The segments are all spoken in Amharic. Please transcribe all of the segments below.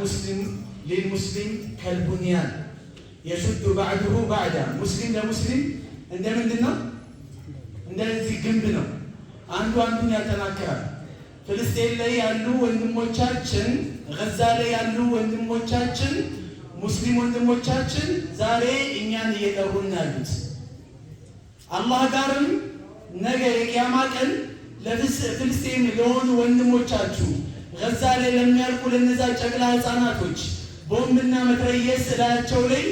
المسلم للمسلم كالبنيان يشد بعده بعدا ሙስሊም ለሙስሊም عند ምንድን ነው? እንደዚህ ግንብ ነው። አንዱ አንዱን ያጠናክራል። ፍልስጤን ላይ ያሉ ወንድሞቻችን፣ ገዛ ላይ ያሉ ወንድሞቻችን፣ ሙስሊም ወንድሞቻችን ዛሬ እኛን እየጠሩን ያሉት አላህ ጋርም ነገ የቅያማ ቀን ለፍልስጤን ለሆኑ ወንድሞቻችሁ ገዛ ላይ ለሚያልቁ ለነዛ ጨቅላ ህፃናቶች ቦምብና መትረየስ ላያቸው ላይ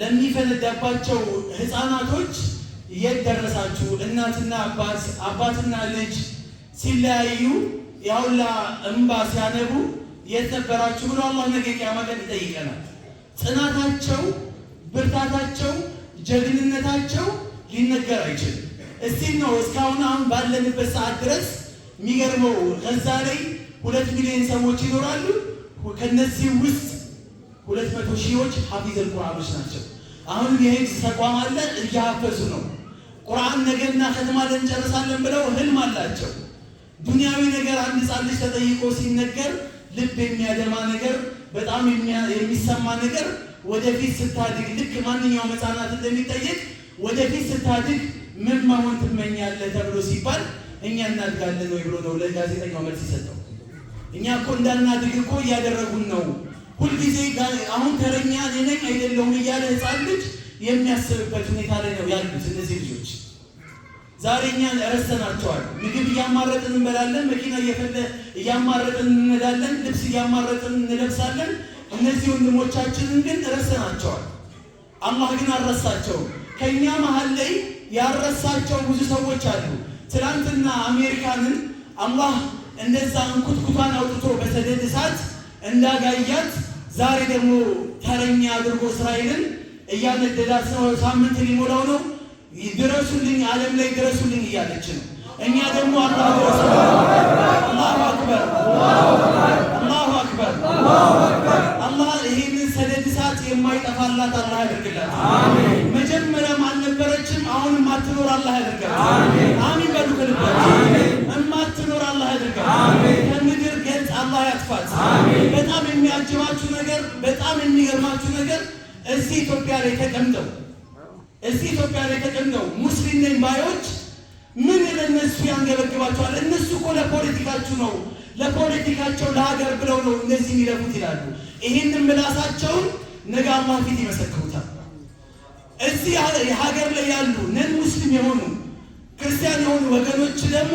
ለሚፈነዳባቸው ህፃናቶች የት ደረሳችሁ? እናትና አባት አባትና ልጅ ሲለያዩ ያውላ እምባ ሲያነቡ የት ነበራችሁ ብሎ አላህ ነገ ቂያማ ቀን ይጠይቀናል። ጽናታቸው፣ ብርታታቸው፣ ጀግንነታቸው ሊነገር አይችልም። እስቲ ነው እስካሁን አሁን ባለንበት ሰዓት ድረስ የሚገርመው ከዛ ላይ ሁለት ሚሊዮን ሰዎች ይኖራሉ። ከነዚህ ውስጥ ሁለት መቶ ሺዎች ሀፊዘል ቁርአኖች ናቸው። አሁን የህግ ተቋም አለ፣ እያፈሱ ነው። ቁርአን ነገና ከተማ እንጨርሳለን ብለው ህልም አላቸው። ዱንያዊ ነገር አንድ ህጻን ልጅ ተጠይቆ ሲነገር ልብ የሚያደማ ነገር፣ በጣም የሚሰማ ነገር ወደፊት ስታድግ ልክ ማንኛውም ህጻናት እንደሚጠየቅ ወደፊት ስታድግ ምን መሆን ትመኛለህ ተብሎ ሲባል እኛ እናድጋለን ወይ ብሎ ነው ለጋዜጠኛው መልስ ይሰጠው። እኛ እኮ እንዳናድግ እኮ እያደረጉን ነው ሁልጊዜ። አሁን ተረኛ ነኝ አይደለሁም እያለ ህፃን ልጅ የሚያስብበት ሁኔታ ላይ ነው ያሉት እነዚህ ልጆች። ዛሬ እኛ ረስተናቸዋል። ምግብ እያማረጥን እንበላለን፣ መኪና እየፈለ እያማረጥን እንነዳለን፣ ልብስ እያማረጥን እንለብሳለን። እነዚህ ወንድሞቻችንን ግን ረስተናቸዋል። አላህ ግን አልረሳቸውም። ከእኛ መሀል ላይ ያረሳቸው ብዙ ሰዎች አሉ። ትላንትና አሜሪካንን አላህ እንደዛ እንኩትኩቷን አውጥቶ በሰደድ እሳት እንዳጋያት ዛሬ ደግሞ ተረኛ አድርጎ እስራኤልን እያነደዳት ነው። ሳምንት ሊሞላው ነው። ድረሱልኝ፣ ዓለም ላይ ድረሱልኝ እያለች ነው። እኛ ደግሞ አላህ ድረሱ። አላሁ አክበር፣ አላሁ አክበር፣ አላህ ይህንን ሰደድ እሳት የማይጠፋላት አላህ ያደርግላት። መጀመሪያም አልነበረ አሁን የማትኖር አላህ ያድርገን። አሚን በሉ ከልባችሁ። የማትኖር አላህ ያድርገን። ከምድር ገጽ አላህ ያጥፋት። በጣም የሚያጅባችሁ ነገር፣ በጣም የሚገርማችሁ ነገር እዚህ ኢትዮጵያ ላይ ተቀምጠው እዚህ ኢትዮጵያ ላይ ተቀምጠው ሙስሊም ነኝ ባዮች ምን ለእነሱ ያንገበግባቸዋል? እነሱ እኮ ለፖለቲካችሁ ነው ለፖለቲካቸው ለሀገር ብለው ነው እነዚህ የሚለፉት ይላሉ። ይሄንን ምላሳቸውን ነገ አላህ ፊት ይመሰክሩታል። እዚህ የሀገር ላይ ያሉ ነን ሙስሊም የሆኑ ክርስቲያን የሆኑ ወገኖች ደግሞ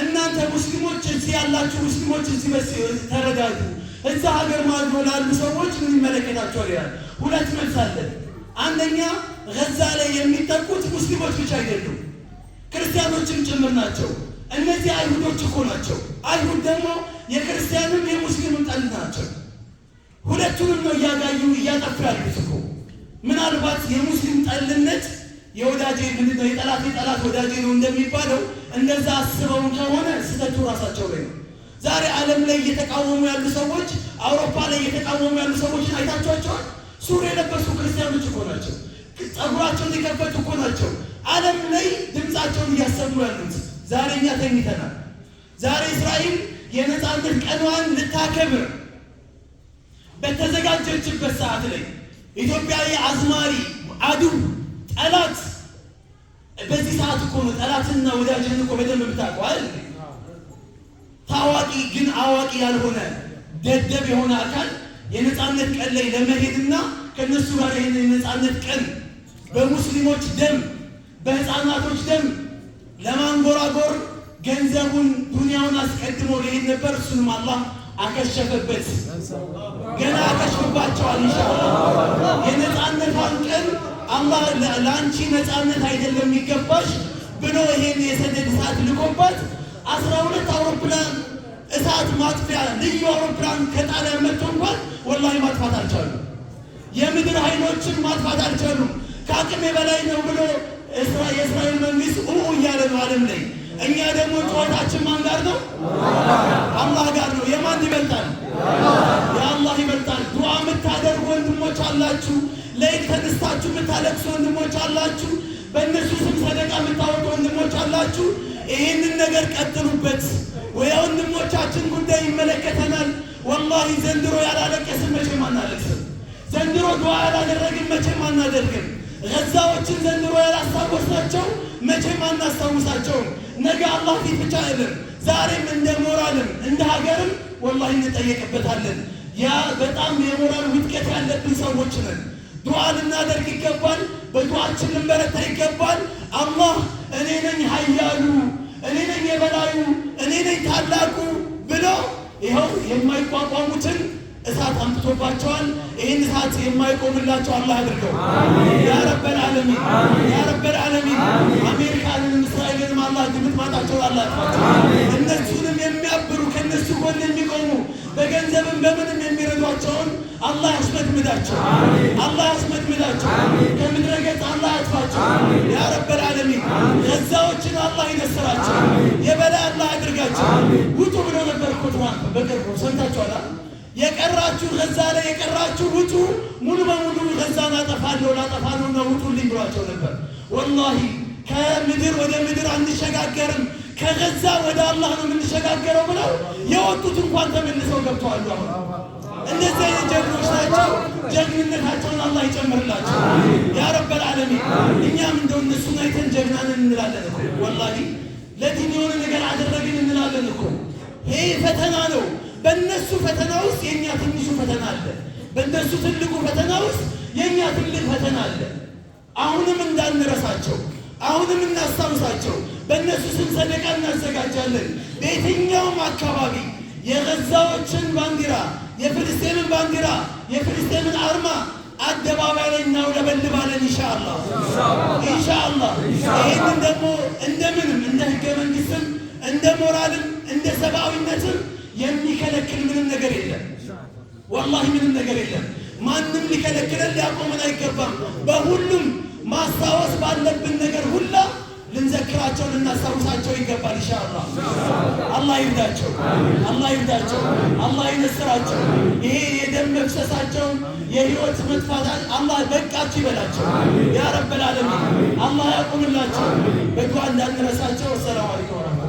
እናንተ ሙስሊሞች እዚህ ያላችሁ ሙስሊሞች እዚህ ተረዳጁ፣ እዛ ሀገር ማዶ ላሉ ሰዎች ምን ይመለከታቸዋል? ያል ሁለት መልስ አለን። አንደኛ ገዛ ላይ የሚጠቁት ሙስሊሞች ብቻ አይደሉም፣ ክርስቲያኖችም ጭምር ናቸው። እነዚህ አይሁዶች እኮ ናቸው። አይሁድ ደግሞ የክርስቲያንም የሙስሊምም ጠል ናቸው። ሁለቱንም ነው እያጋዩ እያጠፉ ያሉት እኮ ምናልባት የሙስሊም ጠልነት የወዳጄ ምንድነው የጠላት የጠላት ወዳጄ ነው እንደሚባለው እንደዛ አስበው ከሆነ ስህተቱ ራሳቸው ላይ ነው። ዛሬ ዓለም ላይ እየተቃወሙ ያሉ ሰዎች፣ አውሮፓ ላይ እየተቃወሙ ያሉ ሰዎች አይታችኋቸዋል። ሱሪ የለበሱ ክርስቲያኖች እኮ ናቸው። ጸጉራቸውን የከፈቱ እኮ ናቸው። ዓለም ላይ ድምፃቸውን እያሰሙ ያሉት ዛሬ እኛ ተኝተናል። ዛሬ እስራኤል የነፃነት ቀኗን ልታከብር በተዘጋጀችበት ሰዓት ላይ ኢትዮጵያዊ አዝማሪ አድው ጠላት በዚህ ሰዓት እኮ ነው ጠላትና ወዳጅን እኮ በደንብ የምታውቀው አይደል? ታዋቂ ግን አዋቂ ያልሆነ ደደብ የሆነ አካል የነፃነት ቀን ላይ ለመሄድና ከእነሱ ጋር ይህን የነፃነት ቀን በሙስሊሞች ደም በህፃናቶች ደም ለማንጎራጎር ገንዘቡን ዱንያውን አስቀድሞ ሊሄድ ነበር። እሱንም አላህ አከሸፈበት። ገና አከሽፍባቸዋል ኢንሻአላህ። የነፃነቷን ቀን አላህ ለአንቺ ነፃነት አይደለም የሚገባሽ ብሎ ይሄን የሰደድ እሳት ልቆባት አስራ ሁለት አውሮፕላን እሳት ማጥፊያ ልዩ አውሮፕላን ከጣሊያን መጥቶ እንኳን ወላሂ ማጥፋት አልቻሉ። የምድር ኃይሎችን ማጥፋት አልቻሉ ከአቅሜ በላይ ነው ብሎ የእስራኤል መንግስት ኡ እያለ ነው አለም ላይ እኛ ደግሞ ጨዋታችን ማን ጋር ነው? አላህ ጋር ነው። የማን ይበልጣል? የአላህ ይበልጣል። ዱዓ የምታደርጉ ወንድሞች አላችሁ። ለይት ተነስታችሁ የምታለቅሱ ወንድሞች አላችሁ። በእነሱ ስም ሰደቃ የምታወጡ ወንድሞች አላችሁ። ይህንን ነገር ቀጥሉበት። ወንድሞቻችን ጉዳይ ይመለከተናል። ወላሂ ዘንድሮ ያላለቀስን መቼም አናለቅስም። ዘንድሮ ዱዓ ያላደረግን መቼም አናደርግም። ገዛዎችን ዘንድሮ ያላ ስናስታውሳቸው መቼም አናስታውሳቸውም። ነገ አላህ ፊት ብቻ አይደለም፣ ዛሬም እንደ ሞራልም እንደ ሀገርም ወላሂ እንጠየቅበታለን። ያ በጣም የሞራል ውድቀት ያለብን ሰዎች ነን። ዱዓ ልናደርግ ይገባል። በዱዓችን ልንበረታ ይገባል። አላህ እኔ ነኝ ኃያሉ እኔ ነኝ የበላዩ እኔ ነኝ ታላቁ ብሎ ይኸው የማይቋቋሙትን እሳት አምጥቶባቸዋል። ይህን እሳት የማይቆምላቸው አላህ አድርገው ያ ረበል ታጠባላችሁ። እነሱንም የሚያብሩ ከእነሱ ጎን የሚቆሙ በገንዘብም በምንም የሚረዷቸውን አላህ ያስመድምዳቸው፣ አላህ ያስመድምዳቸው፣ ከምድረ ገጽ አላህ ያጥፋቸው። ያ ረበል ዓለሚን ገዛዎችን አላህ ይነስራቸው፣ የበላይ አላህ ያድርጋቸው። ውጡ ብሎ ነበር እኮ ትናንት በቅርቡ ሰምታችኋል። የቀራችሁ ገዛ ላይ የቀራችሁ ውጡ፣ ሙሉ በሙሉ ገዛን አጠፋለሁ ላጠፋለሁ ነው ውጡልኝ ብሏቸው ነበር። ወላሂ ከምድር ወደ ምድር አንሸጋገርም ከገዛ ወደ አላህ ነው የምንሸጋገረው ብለው የወጡት እንኳን ተመልሰው ገብተዋል። አሁን እነዚህ አይነት ጀግኖች ናቸው። ጀግንነታቸውን አላህ ይጨምርላቸው ያ ዓለሚን። እኛም እንደው እነሱን አይተን ጀግናንን እንላለን እኮ ወላሂ፣ ለዲን የሆነ ነገር አደረግን እንላለን እኮ። ይሄ ፈተና ነው። በእነሱ ፈተና ውስጥ የእኛ ትንሹ ፈተና አለ። በእነሱ ትልቁ ፈተና ውስጥ የእኛ ትልቅ ፈተና አለ። አሁንም እንዳንረሳቸው አሁንም እናስታውሳቸው። በእነሱ ስም ሰደቃ እናዘጋጃለን። በየትኛውም አካባቢ የገዛዎችን ባንዲራ፣ የፍልስጤምን ባንዲራ፣ የፍልስጤምን አርማ አደባባይ ላይ እናውለበልባለን። ኢንሻአላህ ኢንሻአላህ። ይህንን ደግሞ እንደምንም እንደ ህገ መንግስትም እንደ ሞራልም እንደ ሰብአዊነትም የሚከለክል ምንም ነገር የለም። ወላሂ ምንም ነገር የለም። ማንም ሊከለክለን ሊያቆመን አይገባም። በሁሉም ማስታወስ ባለብን ነገር ሁላ ልንዘክራቸው ልናስታውሳቸው ይገባል። ኢንሻአላ አላህ ይርዳቸው፣ አላህ ይርዳቸው፣ አላህ ይነስራቸው። ይሄ የደም መፍሰሳቸውን የህይወት መጥፋት አላህ በቃችሁ ይበላቸው። ያ ረብ ዓለሚን አላህ ያቁምላቸው። በጎ እንዳንረሳቸው። ሰላም አለይኩም